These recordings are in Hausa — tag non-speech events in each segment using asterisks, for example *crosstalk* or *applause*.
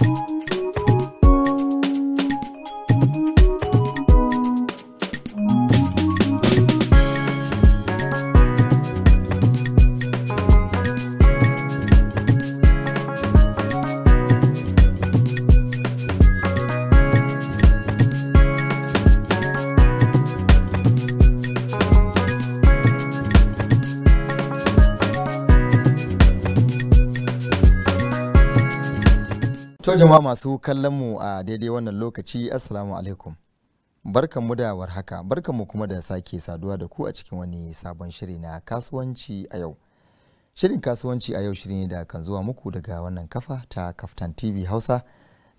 Thank you. jama'a masu kallon mu a daidai wannan lokaci assalamu alaikum barkan mu da warhaka mu kuma da sake saduwa da ku a cikin wani sabon shiri na kasuwanci a yau shirin kasuwanci a yau shiri ne da kan zuwa muku daga wannan kafa ta kaftan tv hausa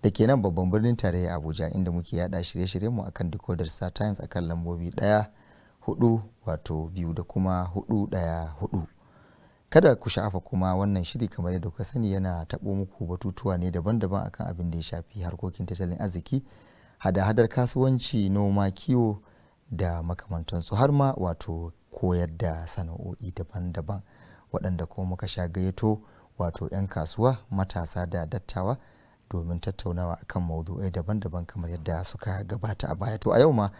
da ke nan babban birnin tarayya abuja inda muke yada shirye-shiryen mu akan decoder star times akan lambobi daya hudu wato biyu da kuma hudu daya hudu kada ku sha'afa kuma wannan shiri kamar yadda kuka sani yana taɓo muku batutuwa ne daban-daban akan abin da ya shafi harkokin tattalin arziki hada-hadar kasuwanci noma kiwo da makamantansu har ma wato koyar da sana'o'i daban-daban waɗanda kuma muka sha gayyato wato 'yan kasuwa matasa da dattawa domin tattaunawa akan maudu'ai daban-daban kamar yadda suka gabata a baya to a yau ma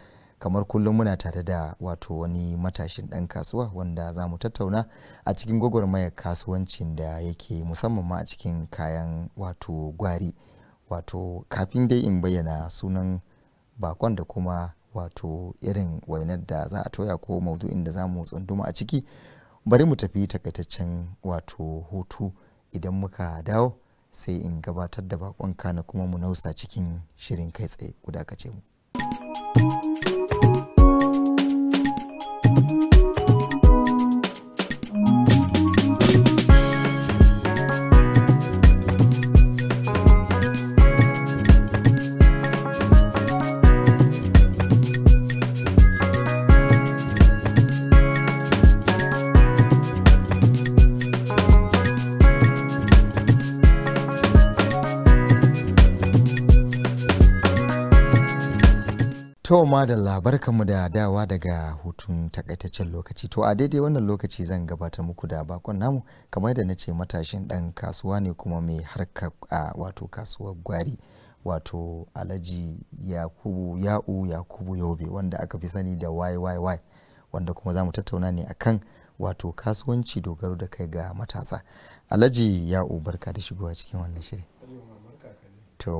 kamar kullum muna tare da wato wani matashin dan kasuwa wanda za mu tattauna a cikin gwagwarmayar kasuwancin da yake musamman ma a cikin kayan wato gwari wato kafin dai in bayyana sunan bakon da kuma wato irin wainar da za a toya ko maudu'in da za mu tsunduma a ciki bari mu tafi takaitaccen wato hutu idan muka dawo sai in gabatar da bakon kana kuma mu nausa cikin shirin kai tsaye ku dakace mu. To labarka mu da dawa daga hutun takaitaccen lokaci. To a daidai wannan lokaci zan gabata muku da bakon namu kamar da na ce matashin ɗan kasuwa ne kuma mai harka a wato kasuwar gwari wato Alhaji Yakubu Ya'u Yakubu Yobe wanda aka fi sani da YYY wanda kuma za mu tattauna ne a kan wato kasuwanci dogaro da kai ga matasa. Alhaji Ya'u barka da shigowa cikin wannan shiri. To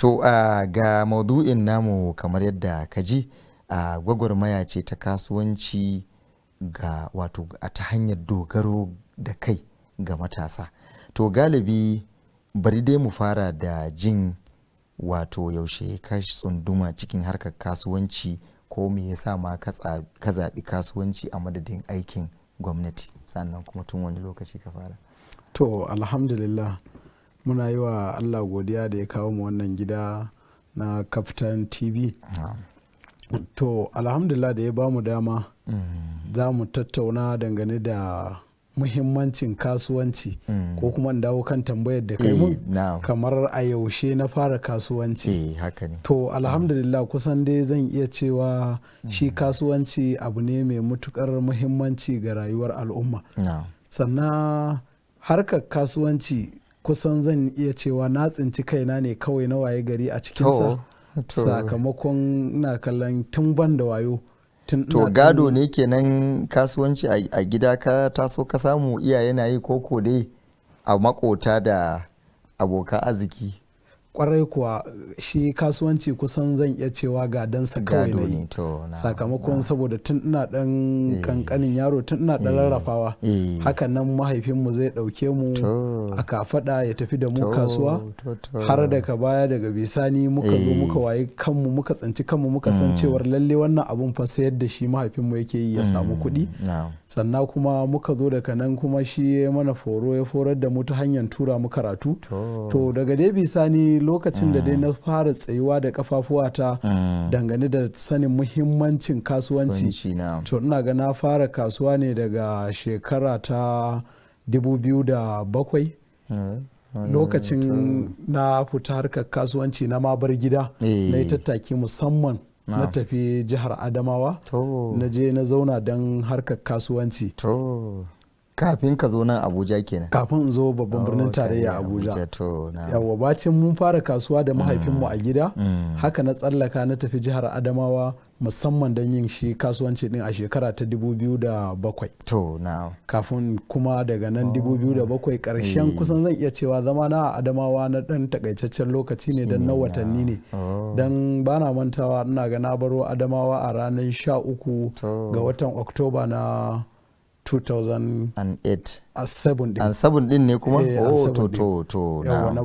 to uh, ga maudu'in namu kamar yadda ka ji uh, gwagwarmaya ce ta kasuwanci ga wato a ta hanyar dogaro da kai ga matasa to galibi bari dai mu fara da jin wato yaushe ka tsunduma cikin harkar kasuwanci ko me yasa ma ka zaɓi kasuwanci a madadin aikin gwamnati sannan kuma tun wani lokaci ka fara to alhamdulillah muna yi wa allah godiya da ya kawo mu wannan gida na kaftan tv to alhamdulillah da ya ba mu dama mm. za mu tattauna dangane da muhimmancin kasuwanci mm. ko kuma dawo kan tambayar da kai eh, mun kamar a yaushe na fara kasuwanci eh, to alhamdulillah kusan dai zan iya cewa shi mm. kasuwanci abu ne mai matukar muhimmanci ga rayuwar al'umma sannan harkar kasuwanci kusan zan iya cewa na tsinci kaina ne kawai na waye gari a cikinsa sakamakon na kallon tun ban da wayo to gado ne kenan kasuwanci a gida ka taso ka samu iyaye na yi koko dai a makota da abokan arziki kwarai kuwa shi kasuwanci kusan zan iya cewa ga dansa kawai na sakamakon saboda tun ina dan kankanin eh. yaro tun ina dan eh. rarrafawa eh. hakan nan mahaifinmu zai dauke mu a kafada ya tafi da mu kasuwa har daga baya daga bisani muka zo muka waye kanmu muka tsanci kanmu muka san mm. cewar lalle wannan abun fa sayar da shi mahaifinmu yake yi ya samu mm. kuɗi sannan kuma muka zo daga nan kuma shi mana foro ya forar da mu ta hanyar tura mu karatu to daga dai bisani lokacin da dai na ah. fara tsayuwa da kafafuwata ah. dangane da sanin muhimmancin kasuwanci to ina ga na fara kasuwa ne daga shekara ta 2007 ah. lokacin na fita harkar kasuwanci na mabar gida eh. na yi tattaki musamman na tafi jihar adamawa na je na zauna don harkar kasuwanci kafin ka zo nan abuja kenan kafin zo babban birnin oh, tarayya abuja yawa bacin mun fara kasuwa da mahaifinmu a mm, gida mm. haka na tsallaka na tafi jihar adamawa musamman don yin shi kasuwanci din a shekara ta 2007 kafin kuma daga nan 2007 karshen eh. kusan zan iya cewa zama na adamawa na dan takaitaccen lokaci ne don na watanni ne oh. don bana mantawa ina ga na baro adamawa a ranar 13 ga watan oktoba na 2008 a sabon din ah, sabon din ne kuma eh, oh to to to na na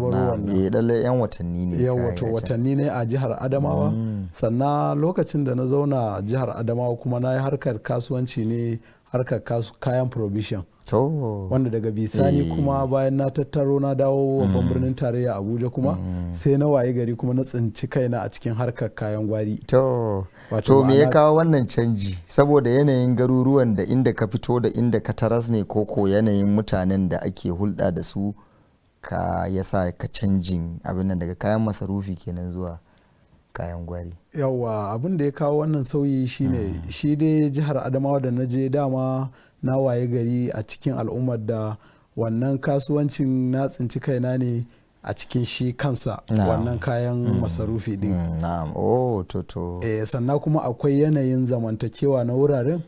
eh, lalle yan watanni ne Yan to watanni ne a jihar Adamawa mm. sannan lokacin da na zauna jihar Adamawa kuma na yi harkar kasuwanci ne harkar kayan provision wanda daga bisani yeah. kuma bayan na tattaro na dawo babban mm. birnin tarayya abuja kuma mm. sai na waye gari kuma na tsinci kaina a cikin harkar kayan gwari to to me ya kawo wannan canji saboda yanayin garuruwan da inda ka fito da inda ka taras ne koko yanayin mutanen da ake hulɗa da su ka yasa ka canjin abin nan daga kayan masarufi kenan zuwa kayan gwari yawa abin da ya kawo wannan sauyi shine hmm. shi dai jihar adamawa da na je dama na waye gari a cikin al'ummar da wannan kasuwancin na tsinci kaina ne a cikin shi kansa wannan kayan hmm. masarufi din hmm, na'am oh toto eh sannan kuma akwai yanayin zamantakewa na wuraren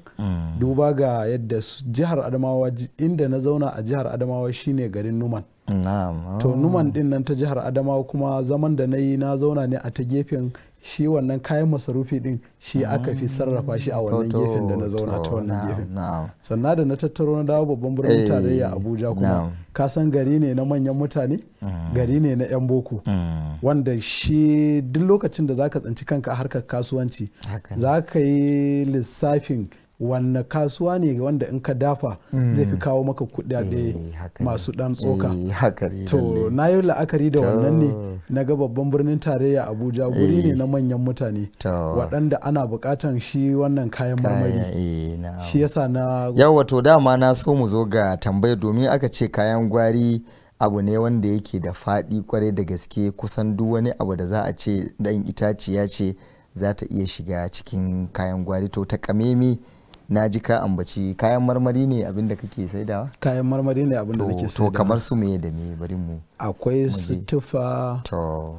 duba ga yadda jihar adamawa inda na zauna a jihar adamawa shine garin numan to numan din nan ta jihar adamawa kuma zaman da na yi na zauna ne a ta gefen shi wannan kayan masarufi din shi aka fi sarrafa shi a wannan gefen da na zauna ta wannan gefen sannan da na tattaro na dawo babban birnin eh, tarayya abuja kuma ka san gari ne na manyan mutane mm. gari ne na 'yan boko mm. wanda shi duk lokacin da zaka tsinci kanka a harkar kasuwanci za ka yi lissafin wanne kasuwa ne wanda in ka dafa mm. zai fi kawo maka kudade eh, masu dan tsoka eh, to na yi la'akari da wannan ne na ga babban birnin tarayya abuja guri ne eh. na manyan mutane waɗanda ana buƙatan shi wannan kayan marmari shi yasa na yawa to dama na so mu zo ga tambaya domin aka ce kayan gwari abu ne wanda yake da faɗi kwarai da gaske kusan duk wani abu da za a ce dan itaciya ce za ta iya shiga cikin kayan gwari to ta kamemi na ji ka ambaci kayan marmari ne abinda kake saidawa kayan marmari ne abinda nake saidawa to kamar su me da me bari mu akwai su tufa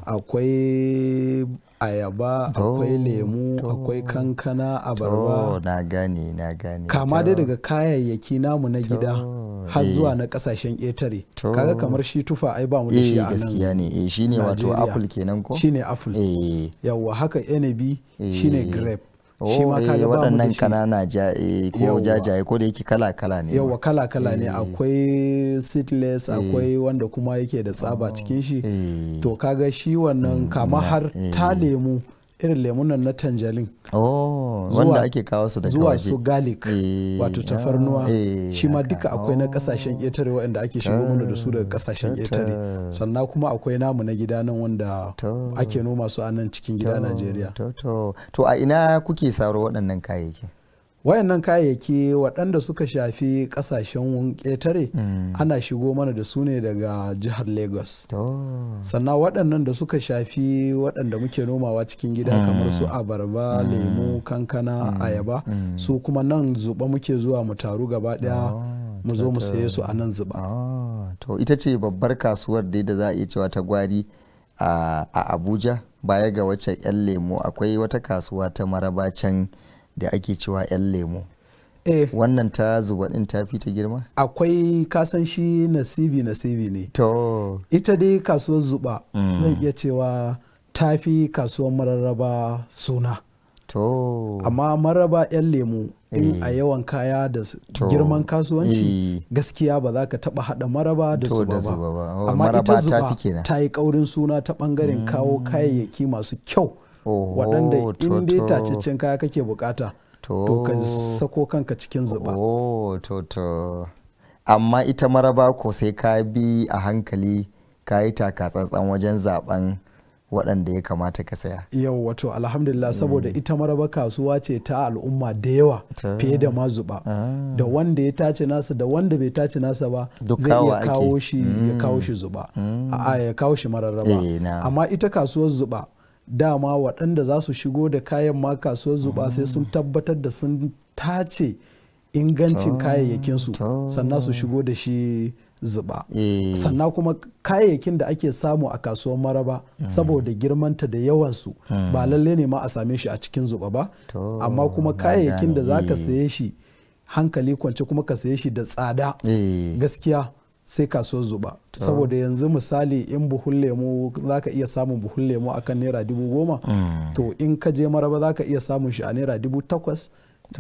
akwai ayaba akwai lemu akwai kankana abarba na gane na gane kama dai daga kayayyaki namu na gida har eh. zuwa na kasashen ƙetare kaga kamar shi tufa ai ba mu da shi eh, a nan gaskiya ne eh shine wato apple kenan ko shine apple eh. yawwa haka enebi shine grape Oh, eh, shi ma kaga ba waɗannan kanana ja ko jajaye ko da yake kala kala ne yawa kala kala ne eh. akwai seedless eh. akwai wanda kuma yake da tsaba oh, cikin shi to kaga shi wannan kama har mm, ta lemu irin lemunan na tanjalin oh. wanda ake kawo su daga zuwa su galik eh, wato tafarnuwa eh, shi ma duka akwai na kasashen ƙetare waɗanda ake shigo mana da su daga kasashen ƙetare sannan kuma akwai namu na gida nan wanda ake noma su a nan cikin gida Najeriya to a ina kuke saro waɗannan kayayyaki wayannan kayayyaki waɗanda suka shafi ƙasashen ƙetare mm. ana shigo mana da su ne daga jihar lagos sannan waɗannan da suka shafi waɗanda muke nomawa cikin gida kamar su mm. abarba mm. lemu kankana ayaba su kuma nan zuba muke zuwa mu taru gaba ɗaya oh, mu zo mu saye su a nan zuba oh, to ita ce babbar kasuwar dai da za a iya cewa ta gwari a abuja baya ga wacce 'yan lemu akwai wata kasuwa ta maraba can da ake cewa 'yan lemo eh. wannan ta zuba din ta fi ta girma akwai kasan shi nasibi nasibi ne to ita dai kasuwar zuba mm. zan iya cewa ta fi kasuwar mararraba suna to amma maraba 'yan lemo eh. a yawan kaya da girman kasuwanci eh. gaskiya ba za ka taba hada maraba da zuba ba amma ita zuba ta yi kaurin suna ta bangaren kawo mm. kayayyaki masu kyau waɗanda oh, in dai tacaccen kaya kake bukata to ka sako kanka cikin zuba oh, amma ita maraba ko sai ka bi a hankali ka yi takatsantsan wajen zaben waɗanda ya kamata ka saya. Yau wato alhamdulillah saboda mm. ita maraba kasuwa ce ta al'umma da yawa fiye da mazuba ah. da wanda ya tace nasa da wanda bai tace nasa ba zai iya kawo shi ya kawo mm. shi zuba mm. a ya kawo shi mararraba eh, amma ita kasuwar zuba dama waɗanda za su shigo da kayan ma kasuwar zuba sai sun tabbatar da sun tace ingancin kayayyakinsu sannan su shigo da shi zuba eh. sannan kuma kayayyakin da ake samu a kasuwar maraba mm. saboda girmanta da yawansu mm. ba lalle ne ma a same shi a cikin zuba ba amma kuma kayayyakin da za ka saye shi hankali kwance kuma ka saye shi da tsada eh. gaskiya sai kasuwar zuba ah. saboda yanzu misali in buhun lemu za ka iya samun buhun lemu akan naira dubu goma hmm. to in ka je maraba za ka iya samun shi a naira dubu takwas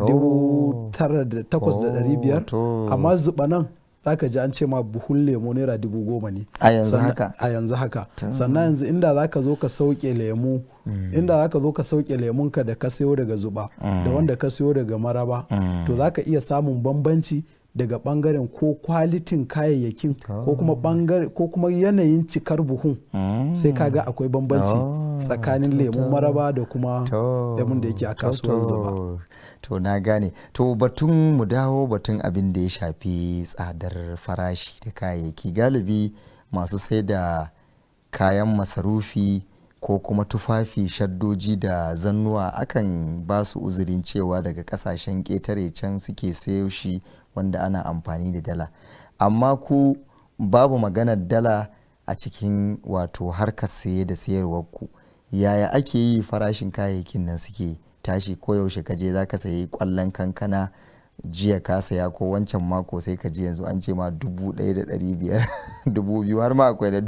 dubu tara da takwas da dari biyar amma zuba nan za ka ji an ce ma buhun lemu naira dubu goma ne a yanzu haka a yanzu haka sannan yanzu inda za ka zo ka sauke lemu hmm. inda za ka zo ka sauke ka da ka sayo daga zuba hmm. da wanda ka sayo daga maraba to za ka iya samun bambanci daga bangaren ko kwalitin kayayyakin ko kuma bangare ko kuma yanayin cikar buhun sai kaga akwai bambanci tsakanin lemun maraba da kuma lemun da yake a kasuwar zaba to na gane to batun mu dawo batun abin da ya shafi tsadar farashi da kayayyaki galibi masu sai da kayan masarufi ko kuma tufafi shaddoji da zannuwa akan ba su uzurin cewa daga kasashen ƙetare can suke sayo shi wanda ana amfani da dala amma ku babu maganar dala a cikin wato harkar saye da sayarwar ku yaya ake yi farashin kayayyakin nan suke tashi koyaushe kaje za ka sayi kwallon kankana jiya ka saya ko wancan mako sai ka ji yanzu an ce ma dubu ɗaya da ɗari biyar *laughs* dubu biyu har ma akwai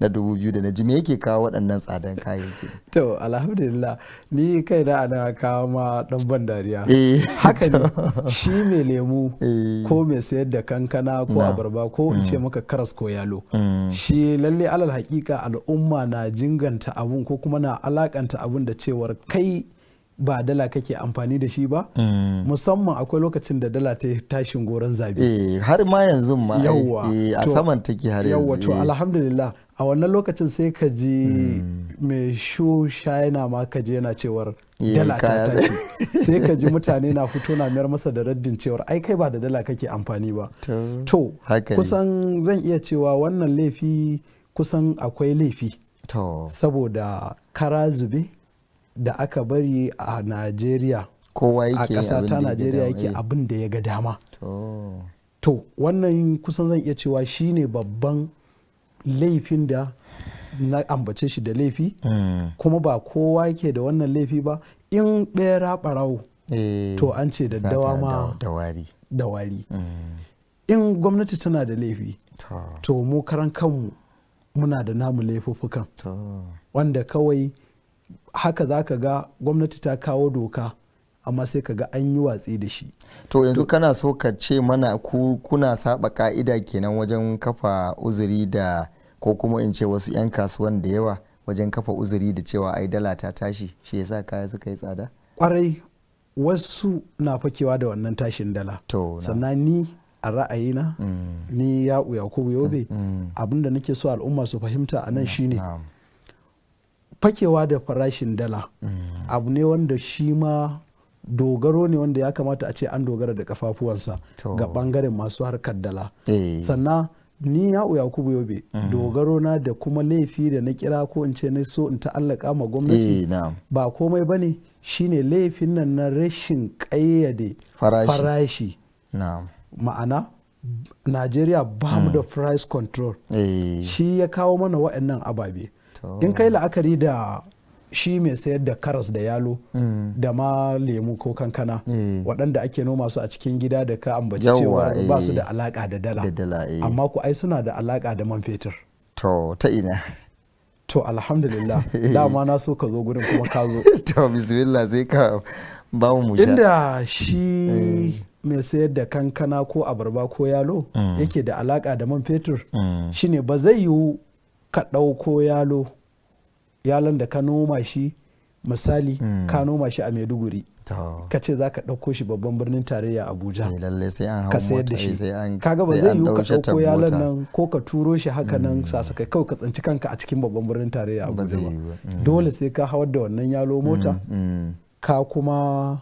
na dubu biyu da na ji me yake kawo waɗannan tsadan kayayyaki to alhamdulillah ni kai na ana kawo ma ɗan ban dariya eh, haka ne shi mai lemu eh. ko mai sayar da kankana ko abarba ko in ce mm. maka karas ko yalo mm. shi lalle alal hakika al'umma na jinganta abun ko kuma na alakanta abun da cewar kai ba dala kake amfani da shi ba mm. musamman akwai lokacin da dala ta tashin goron zabi eh, har ma yanzu ma eh, eh, a saman take har yanzu yawa to alhamdulillah a wannan lokacin sai ka ji mm. mai sho ma ka ji yana cewar dala ta tashi *laughs* sai ka ji mutane na fito na mayar masa da raddin cewar ai kai ba da dala kake amfani ba to kusan zan iya cewa wannan laifi kusan akwai laifi saboda kara zube da aka bari a najeriya a ƙasa ta najeriya yake eh. abin da ya ga dama to wannan kusan zan iya cewa shi ne babban laifin da na ambace shi da laifi hmm. kuma ba kowa yake da wannan laifi ba in ɓera ɓarawo eh, to an ce daddawa ma da wari hmm. in gwamnati tana da laifi to mu karan kanmu muna da namu laifuffukan wanda kawai haka za ka ga gwamnati ta kawo doka amma sai ka ga an yi watsi da shi to yanzu kana so ka ce mana ku kuna saba ka'ida kenan wajen kafa uzuri da ko kuma in ce wasu 'yan kasuwan da yawa wajen kafa uzuri da cewa ai dala ta tashi shi yasa kaya suka yi tsada kwarai wasu na fakewa da wannan tashin dala to sannan ni a ra'ayina mm. ni ya ko yobe mm. abin abinda nake so al'umma su fahimta a nan mm. shine fakewa da farashin dala abu ne wanda shi ma dogaro ne wanda ya kamata a ce an dogara da kafafuwansa ga bangaren masu harkar dala eh. sannan ni ya uya kubu yobe mm-hmm. dogaro na da kuma laifi da na kira ko in ce na so in ta'allaka ma gwamnati eh, ba komai ba ne shine laifin nan na rashin kayyade farashi ma'ana najeriya ba mu mm. da price control eh. shi ya kawo mana waɗannan ababe in kai la'akari da shi mai sayar da karas da yalo mm. da ma lemu ko kankana eh. waɗanda ake noma su a cikin gida da ka ambaci cewa eh. ba su da alaƙa da dala eh. amma ku ai suna da alaƙa da man fetur to ta ina to alhamdulillah *laughs* dama na so ka zo gurin kuma ka zo *laughs* to bismillah sai ka ba mu inda shi mai sayar da kankana ko abarba ko yalo mm. yake da alaƙa da man fetur mm. shine ba zai yiwu ka ɗauko yalo yalon da ka noma shi misali hmm. ka noma shi a maiduguri ka ce za ka ɗauko shi babban birnin tarayya abuja eh, ka sayar da shi eh, kaga ba zai yiwu ka ɗauko yalon nan ko ka turo shi haka nan mm. kawai ka tsinci kanka a cikin babban birnin tarayya abuja hmm. dole sai ka hawar da wannan yalo mota hmm. ka kuma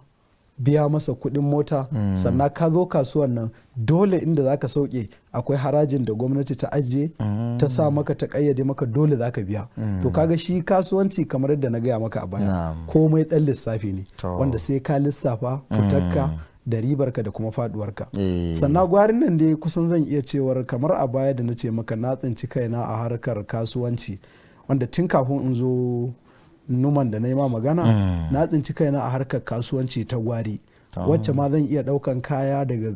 biya masa kuɗin mota mm. sannan ka zo kasuwan nan dole inda zaka sauke akwai harajin da gwamnati ta ajiye hmm. ta sa maka ta ƙayyade maka dole zaka biya mm. to kaga shi kasuwanci kamar yadda na gaya maka a baya komai ɗan lissafi ne wanda sai ka lissafa fitakka hmm. da ribarka da kuma faduwarka eh. sannan gwarin nan dai kusan zan iya cewar kamar a baya da na ce maka na tsinci kaina a harkar kasuwanci wanda tun kafin in zo numan da na yi ma magana mm. na tsinci kaina a harkar kasuwanci ta gwari oh. wacce ma zan iya daukan kaya daga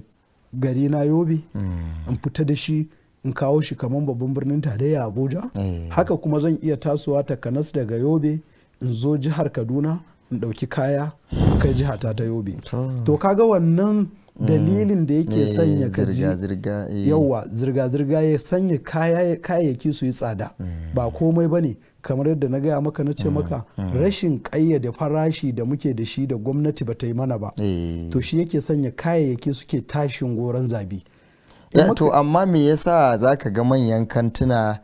gari na yobe mm. in fita da shi in kawo shi kamar babban birnin tarayya abuja eh. haka kuma zan iya tasowa takanas daga yobe in zo jihar kaduna in ɗauki kaya kai jiha ta ta yobe to kaga wannan mm. dalilin da yake eh, sanya kaji eh. yauwa zirga-zirga ya sanya kayayyaki su yi tsada ba komai ba ne kamar yadda na gaya maka na ce mm, maka mm. rashin ƙayyade farashi da muke da shi da gwamnati ba ta yi mana ba eh. to shi yake sanya kayayyaki suke tashin goron zabi to amma me yasa zaka ga manyan kantuna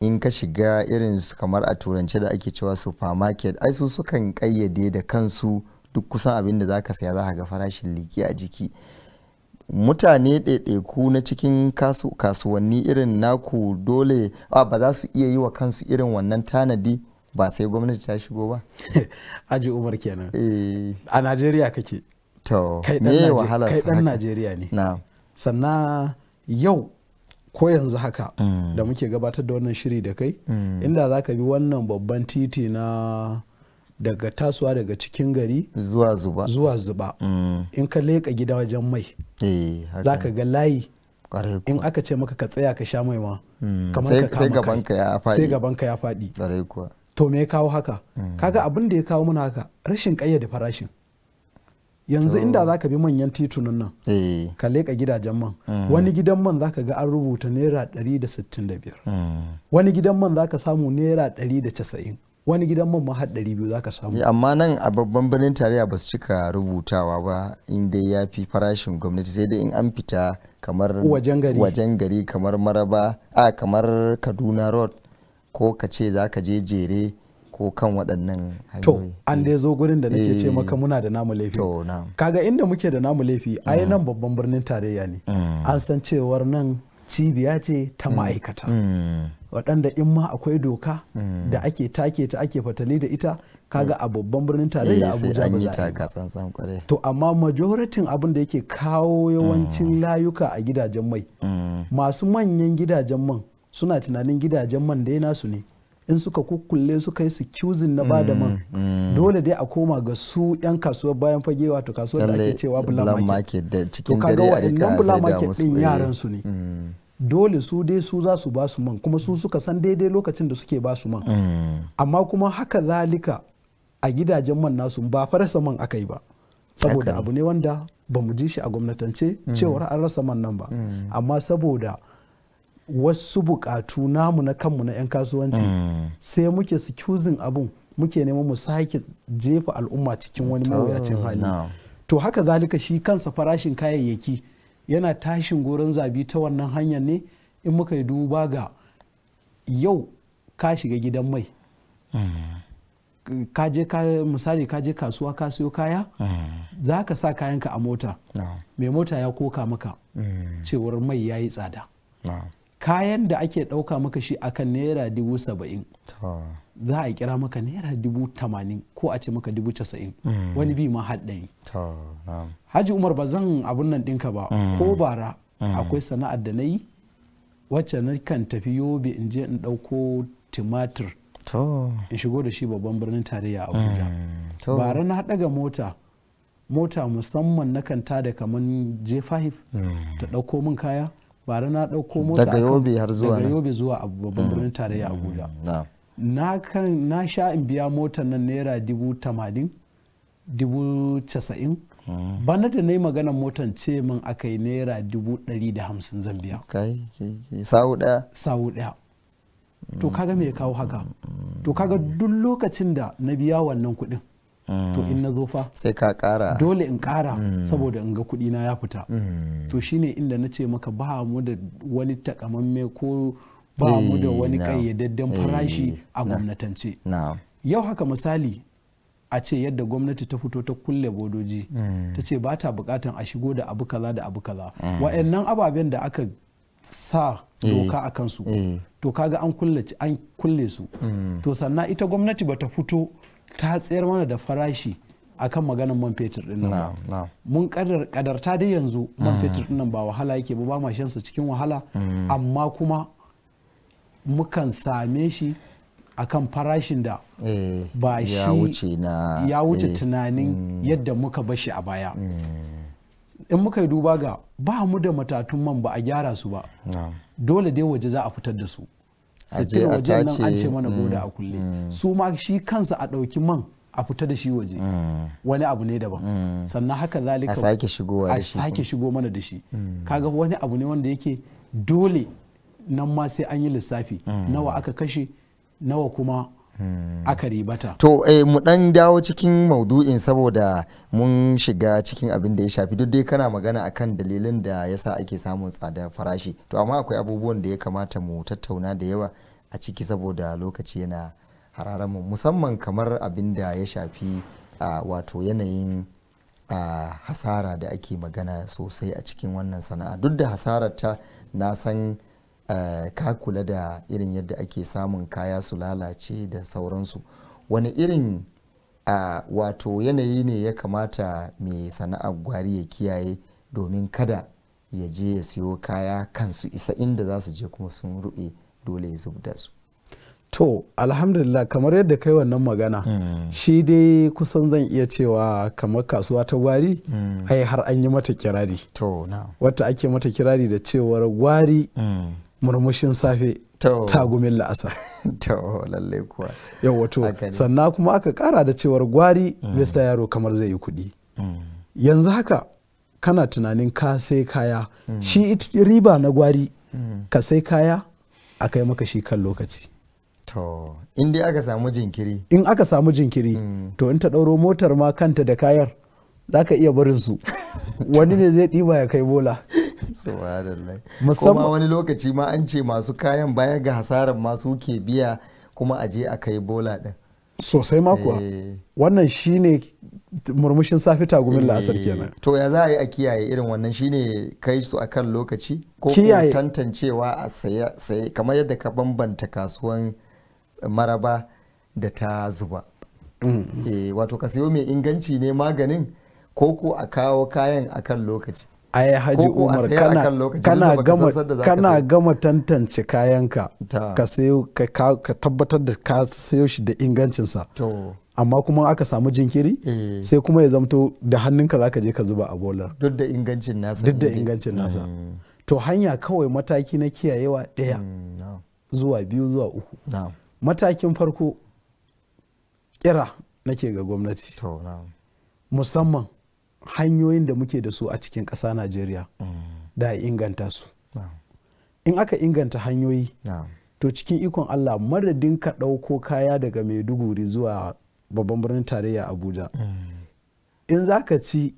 in ka shiga irin kamar a turance da ake cewa supermarket ai su sukan kayyade da kansu duk kusan abin da zaka saya za ga farashin liki a jiki mutane ɗaiɗaiku na cikin kasuwanni irin naku dole ba za su iya yi wa kansu irin wannan tanadi ba sai gwamnati ta shigo ba *laughs* aji umar kenan eh. a najeriya kake kai dan najeriya ne sannan yau ko yanzu haka mm. da muke gabatar da wannan shiri da kai mm. inda za ka bi wannan babban titi na daga tasowa daga cikin gari zuwa zuba zuwa zuba mm. in ka leka gida wajen mai eh, za ka ga layi in aka ce maka ka tsaya ka sha mai ma mm. sai gabanka ya faɗi ya faɗi to me ya kawo haka mm. kaga abin da ya kawo mana haka rashin ƙayyade farashin yanzu inda za ka bi manyan titunan nan eh. ka leka gidajen man mm. wani gidan man za ka ga an rubuta naira 165 wani gidan man za ka samu naira 190 wani gidan man mahaɗari ɗari biyu za ka samu eh, amma nan a babban birnin tarayya ba su cika rubutawa ba dai ya fi farashin gwamnati sai dai in an fita kamar wajen gari kamar maraba a kamar kaduna road ko ka ce za ka je jere ko kan waɗannan hanyoyi to an dai zo gurin da nake ce eh. maka muna da namu laifi kaga inda muke da namu laifi ai mm. nan babban birnin tarayya ne mm. an san cewar nan cibiya ce ta mm. ma'aikata waɗanda in ma akwai doka mm. da ake take ta ake fatali da ita kaga mm. a babban birnin tarayya eh, abuja to amma majoratin abin da yake kawo yawancin mm. layuka a gidajen mai masu manyan gidajen man suna tunanin gidajen man dai nasu ne in suka kukkulle suka yi sikuzin na bada man dole dai a koma ga su 'yan kasuwar bayan fage wato kasuwar da ake cewa bula to kaga waɗannan bula market din eh. yaran su ne dole su dai su za su ba su man kuma su suka san daidai lokacin da suke ba su man mm. amma kuma haka zalika a gidajen man nasu ba farasa man aka yi ba saboda abu ne wanda ba mu ji shi a gwamnatance mm. cewar an rasa man nan ba mm. amma saboda wasu bukatu namu na kanmu na 'yan kasuwanci sai muke sikuzin abun muke neman mu sake jefa al'umma cikin wani mawuyacin hali to haka zalika shi kansa farashin kayayyaki yana tashin goron zabi ta wannan hanyar ne in muka yi duba ga yau ka shiga gidan mai ka misali ka je kasuwa ka siyo kaya za ka sa kayanka a mota mai mota ya koka maka mm. cewar mai ya yi tsada kayan da ake ɗauka maka shi a kan naira dubu saba'in za a kira maka naira dubu tamanin ko a ce maka dubu casa'in mm. wani bi ma haɗari haji umar ba zan abun nan ɗinka ba mm. ko bara mm. akwai sana'ar da na yi wacce na kan tafi yobe in je in ɗauko tumatir. in shigo da shi babban birnin tarayya abuja bara na ɗaga mota mota musamman na kan tada kamar j5 ta ɗauko min kaya bari na ɗauko mota daga yobe har zuwa daga yobe zuwa babban mm. birnin tarayya abuja mm, na kan na sha in biya motar nan naira dubu tamanin dubu casa'in mm. bana da na yi magana motar ce min aka yi naira dubu ɗari da hamsin zan biya sawu ɗaya sawu ɗaya to kaga me ya kawo haka to kaga duk lokacin da na biya wannan kuɗin to in na zofa sai ka kara dole in kara mm. saboda in ga kuɗi na ya fita mm. to shine inda na ce maka ba mu da wani takamamme ko ba mu da eh, wani kayyadadden farashi eh, a gwamnatance yau haka misali a ce yadda gwamnati ta fito ta kulle bodoji mm. ta ce ba ta bukatan a shigo da abu kaza da abu kaza wa'annan ababen da aka sa eh. doka a kansu to kaga an kulle su to sannan ita gwamnati ba ta fito ta tsayar mana da farashi akan maganin man fetur din nan mun ta dai yanzu man mm. fetur din nan ba wahala yake ba ba ma sa cikin wahala mm. amma kuma mukan same shi akan farashin da eh, ba shi ya wuce eh, tunanin mm. yadda muka bashi a baya in muka yi duba ga ba mu da matatun man ba a gyara su ba dole dai waje za a fitar da su sitin waje nan an ce mana goda a kulle mm. su ma shi kansa a ɗauki man a fita da shi waje mm. wani abu ne daban mm. sannan haka zalika a sake shigo mana da shi kaga wani abu ne wanda yake dole nan ma sai an yi lissafi nawa aka kashe nawa kuma Hmm. aka ribata. To eh, mu dan dawo cikin maudu'in saboda mun shiga cikin abin da ya shafi duk dai kana magana akan dalilin da yasa ake samun tsada farashi. To amma akwai abubuwan da ya kamata mu tattauna da yawa a ciki saboda lokaci yana hararen mu musamman kamar abin da ya shafi wato yanayin uh, hasara da ake magana sosai a cikin wannan sana'a duk da hasarar ta na san Eh, ka kula da irin yadda ake samun kaya su lalace da sauransu wani irin wato yanayi ne ya kamata mai sana'ar gwari ya kiyaye domin kada ya je ya siyo kaya kansu isa inda za su je kuma sun ruɓe dole ya zub su to alhamdulillah kamar yadda kai wannan magana hmm. shi dai kusan zan iya cewa kamar kasuwa ta gwari hmm. ai har an yi mata kirari wata ake mata kirari da cewar gwari hmm. murmushin safe tagumin la'asar *laughs* lallai kuwa yau wato sannan kuma aka kara da cewar gwari mm. sa yaro kamar zai yi kudi. Mm. yanzu haka kana tunanin ka sai kaya mm. shi riba na gwari ka sai kaya a kai maka shi kan lokaci in aka samu jinkiri in aka samu jinkiri to in ta ɗauro motar ma kanta da kayar za ka iya barin su *laughs* wani ne zai ɗiba ya kai bola *laughs* kuma wani lokaci ma an ce masu kayan baya ga hasarar ma suke biya kuma a je a kai bola din sosai makuwa eh. wannan shine murmushin safi tagumin eh. la'asar kenan to ya za a yi a kiyaye irin wannan shine kai su akan lokaci ko tantancewa a saye kamar yadda ka bambanta kasuwan maraba da ta zuba mm. eh, wato ka sayo mai inganci ne maganin ko ko a kawo kayan akan lokaci ai haji umar kana gama tantance kayanka ka tabbatar da ka sayo shi da ingancinsa amma kuma aka samu jinkiri eh. sai kuma ya zamto da hannunka zaka je ka zuba a bolar duk da ingancin nasa hmm. to hanya kawai mataki na kiyayewa ɗaya hmm, zuwa biyu zuwa uku matakin farko kira nake ga gwamnati musamman hanyoyin da muke da su a cikin ƙasa najeriya mm. da a inganta su in aka inganta hanyoyi to cikin ikon allah madadin ka ɗauko kaya daga maiduguri zuwa babban birnin tarayya abuja mm. in za ka ci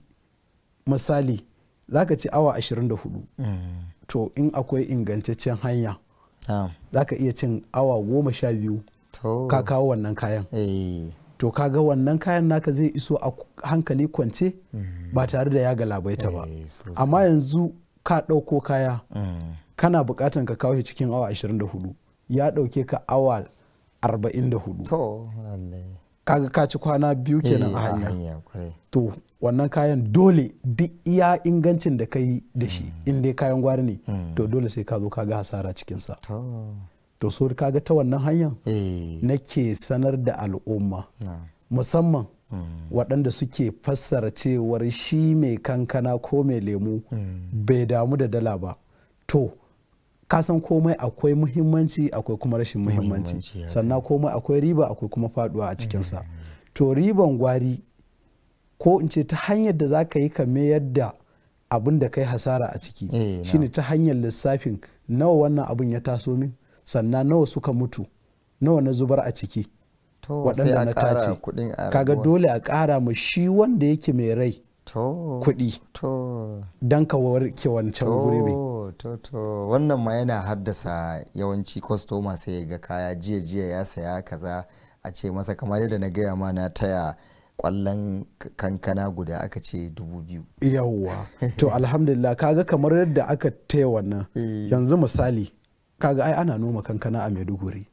misali za ka ci awa 24 mm. to in akwai ingantaccen hanya za ka iya cin awa 12 ka kawo wannan kayan eh. to kaga wannan kayan naka zai iso a hankali kwance mm. ba tare da ya galabaita ba eh, amma yanzu ka ɗauko kaya mm. kana buƙatan ka kawo shi cikin awa 24 ya ɗauke ka awa 44 kaga ka ci kwana biyu kenan a eh, hanya to wannan kayan dole duk iya ingancin da ka yi da shi mm. in dai kayan gwari ne to dole sai ka zo ka ga hasara cikinsa to so kaga ta wannan hanyar eh. nake sanar da al'umma musamman hmm. waɗanda suke fassara cewar shi mai kankana ko mai lemu hmm. bai damu da dala ba to kasan komai akwai muhimmanci akwai kuma rashin muhimmanci sannan komai akwai riba akwai kuma faduwa a cikinsa hmm. to riban gwari ko in ce ta hanyar da za ka yi ka mayar abin da kai hasara a ciki eh, shine ta hanyar lissafin nawa wannan abin ya taso min sannan nawa suka mutu nawa na zubar a ciki waɗanda na tace kaga dole a ƙara ma shi wanda yake mai rai kuɗi don ka warke wancan gurbi wannan ma yana haddasa yawanci kwastoma sai ya ga kaya jiya jiya ya saya kaza a ce masa kamar yadda na gaya ma na taya kwallon kankana guda aka ce dubu biyu yawwa to alhamdulillah kaga kamar yadda aka taya wannan *laughs* eh. yanzu misali kaga ai ana noma kankana a maiduguri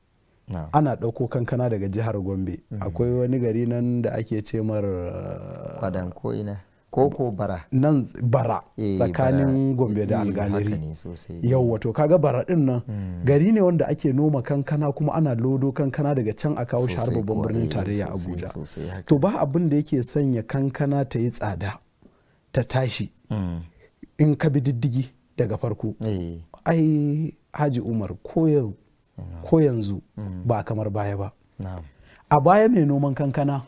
ana ɗauko kankana daga jihar gombe mm-hmm. akwai wani gari nan da ake ce mar uh, koko bara nan bara eh, tsakanin gombe da eh, algaliri yau wato kaga bara din nan mm. gari ne wanda ake noma kankana kuma ana lodo kankana daga can a kawo shahar babban birnin eh, tarayya abuja to ba abin da yake sanya kankana ta yi tsada ta tashi mm. in ka bi diddigi daga farko ai haji umar ko yanzu ba kamar baya ba a baya mai noman kankana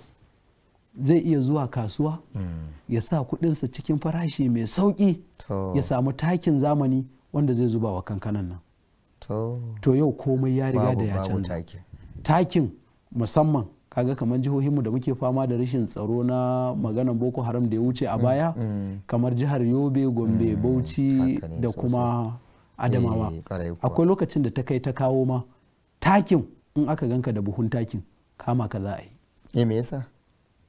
zai iya zuwa kasuwa hmm. ya sa kudinsa cikin farashi mai sauki ya samu takin zamani wanda zai zuba wa kankanan nan to yau komai ya riga da ya canza takin musamman kaga kamar jihohinmu da muke fama da rashin tsaro na maganan boko haram da ya wuce a hmm, baya hmm. kamar jihar yobe gombe bauchi da kuma adamawa eh, akwai lokacin da ta kai ta kawo ma takin in aka ganka da buhun takin kama ka za a yi eh, me yasa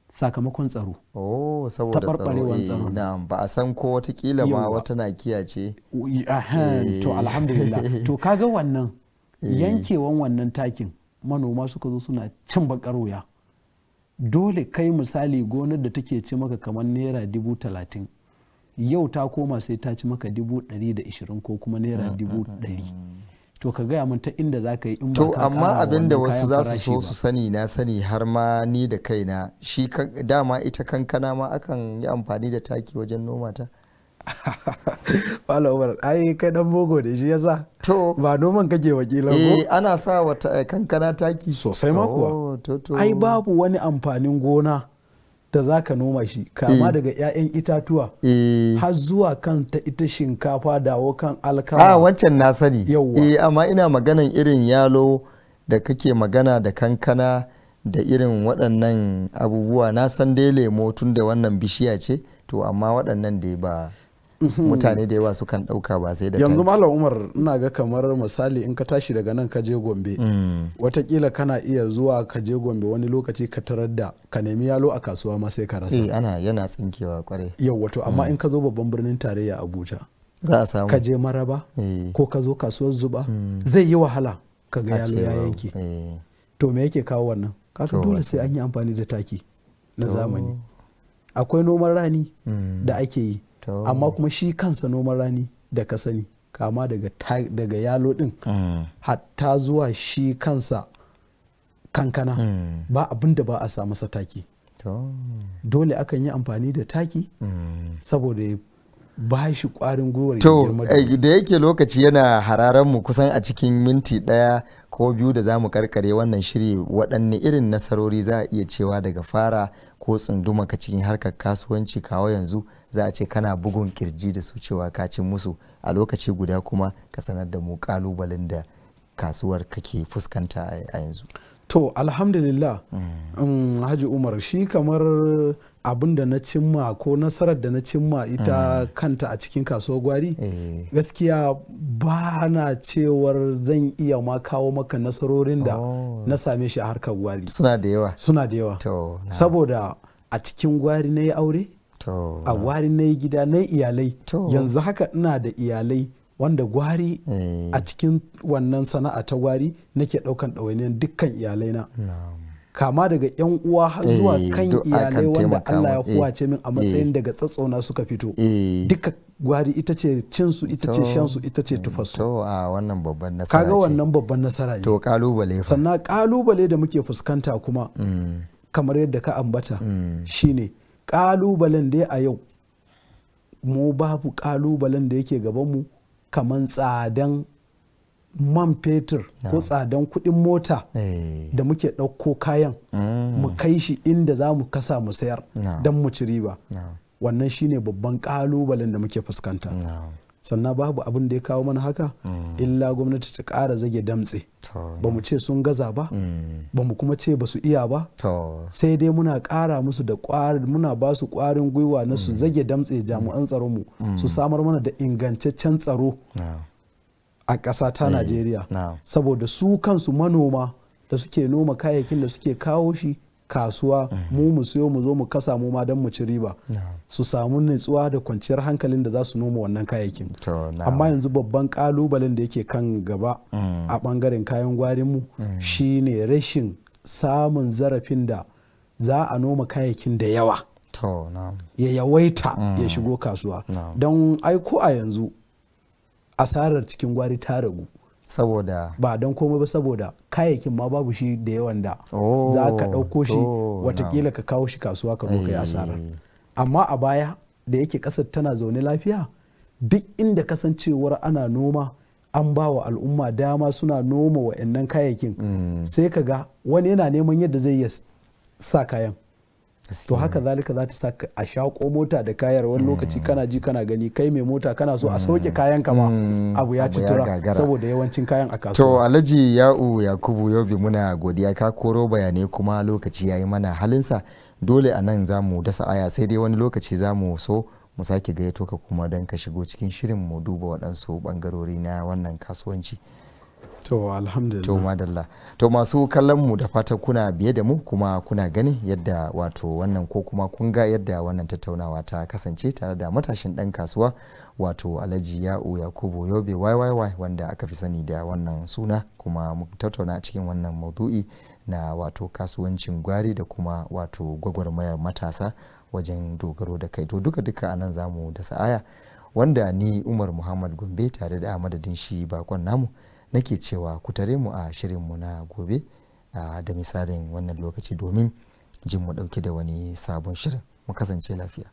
sakamakon tsaro oh saboda tsaro eh, na'am ba a san ko wata kila ma wata na kiyace to alhamdulillah *laughs* to kaga wannan yankewan wannan takin manoma suka zo suna cin bakar wuya dole kai misali gonar da take ce maka kamar naira dubu talatin yau ta koma sai ta ci maka dubu ɗari da ishirin ko kuma naira mm. dubu mm, mm, ɗari to ka gaya mun ta inda za ka yi in ba to amma abin da wasu za su so su sani na sani har ma ni da kaina shi dama ita kankana ma akan yi amfani da taki wajen noma ta Falawar, *laughs* ai kai dan bogo ne shi yasa. To ba noman kake wakilan ko? Eh ana sa wa eh, kankana taki. Sosai ma kuwa. Ai babu wani amfanin gona da za ka noma shi kama eh. daga 'ya'yan itatuwa eh. har zuwa kan ta ita shinkafa dawo kan alkama a ah, wancan na sani eh amma ina maganan irin yalo da kake magana da kankana da irin waɗannan abubuwa na san dai lemo tun da wannan bishiya ce to amma waɗannan dai ba Mm-hmm. mutane da yawa sukan ɗauka ba sai da yanzu malam umar ina ga kamar misali in ka tashi daga nan ka je gombe mm. watakila kana iya zuwa ka je gombe wani lokaci ka tarar da ka nemi yalo a kasuwa ma sai ka rasa eh ana yana tsinkewa kware. yau wato amma mm. in ka zo babban birnin tarayya abuja za a samu ka je maraba eh. ko ka zo kasuwar zuba mm. zai yi wahala ka ga yalo ya yanke eh. to me yake kawo wannan kaga dole sai an yi amfani da taki na zamani akwai noman rani da ake yi amma kuma shi kansa noman rani da ka sani kama daga, yalo din mm. hatta zuwa shi kansa kankana mm. ba abin da ba a samu sa taki dole akan yi amfani da taki mm. saboda ba shi kwarin gwiwar to eh, da yake lokaci yana hararen mu kusan a cikin minti daya ko biyu da zamu karkare wannan shiri waɗanne irin nasarori za a iya cewa daga fara ko tsunduma ka cikin harkar kasuwanci kawo yanzu za a ce kana bugun kirji da su cewa ka ci musu a lokaci guda kuma ka sanar da mu kalubalen da kasuwar kake fuskanta a yanzu to alhamdulillah mm. Mm, haji umar shi kamar abin da na cimma ko nasarar da na cimma ita mm. kanta a cikin kasuwar gwari eh. gaskiya ba na cewar zan iya ma kawo maka nasarorin da oh. na same shi a harkar gwari suna da yawa suna da yawa saboda a cikin gwari na yi aure a gwari na yi gida na yi iyalai yanzu haka ina da iyalai wanda gwari eh. a cikin wannan sana'a ta gwari nake ɗaukan ɗawainiyar dukkan iyalaina no. kama daga yan uwa har zuwa eh, kan iyalai wanda Allah ya kuwace min a eh, matsayin eh. daga tsatsauna suka fito duka gwari ita ce cin su ita ce shan su ita ce tufa to a wannan babban nasara kaga wannan babban nasara ne to kalubale sannan kalubale da muke fuskanta kuma mm. kamar yadda ka ambata mm. shine kalubalen da a yau mu babu kalubalen da yake gaban mu kamar tsadan man fetur ko tsadan kudin mota eh. da muke ɗauko kayan mu mm. kai shi inda za mu kasa mu sayar don mu ci riba wannan shine babban kalubalen da muke fuskanta sannan babu abin da ya kawo mana haka mm. illa gwamnati ta ƙara zage damtse ba mu ce sun gaza ba mm. ba mu kuma ce ba su iya ba sai dai muna kara musu da muna ba su ƙwarin gwiwa na su zage damtse jami'an mu su samar mana da ingantaccen tsaro a ƙasa ta eh, najeriya saboda su kansu manoma da suke noma kayayyakin da suke kawo shi kasuwa mhm. mu mu siyo mu zo mu kasa mu ma don mu ci riba su samu nutsuwa da kwanciyar hankalin da za su noma wannan kayayyakin amma yanzu babban kalubalen da yake kan gaba mm. a bangaren kayan mu mm. shine rashin samun zarafin da za a noma kayayyakin da yawa ya yawaita ya mm. shigo kasuwa don aiko a yanzu asarar cikin gwari ta ragu saboda ba don komai ba saboda kayayyakin ma babu shi da yawan da oh, za ka ɗauko shi oh, watakila ka kawo shi kasuwa ka zo ka yi eh. asara amma a baya da yake ƙasar tana zaune lafiya duk inda kasancewar ana noma an ba wa al'umma dama suna noma wa'annan kayayyakin mm. sai ka ga wani yana neman yadda zai sa kayan to haka zalika za ta sa a shaƙo mota da kayar wani lokaci mm. kana ji kana gani kai mai mota kana so a mm. sauke kayan kama mm. abu ya ci tura saboda yawancin kayan a kasuwa to alhaji ya'u yakubu yobi muna godiya ka koro bayanai kuma lokaci yayi mana halinsa dole a nan za mu dasa aya sai dai wani lokaci za mu so mu sake gayyato ka kuma don ka shigo cikin shirin mu duba waɗansu ɓangarori na wannan kasuwanci. to alhamdulillah to madalla to masu kallon mu da fatan kuna biye da mu kuma kuna gani yadda wato wannan ko kuma kun ga yadda wannan tattaunawa ta kasance tare da matashin dan kasuwa wato alhaji ya'u yakubu yobe yyy wanda aka fi sani da wannan suna kuma mu tattauna cikin wannan maudu'i na wato kasuwancin gwari da kuma wato gwagwarmayar matasa wajen dogaro da kai to duka duka anan zamu da sa'aya wanda ni umar muhammad gombe tare da madadin shi bakon namu nake cewa ku tare mu a shirin mu na gobe da misalin wannan lokaci domin jin mu ɗauke da wani sabon shirin mu kasance lafiya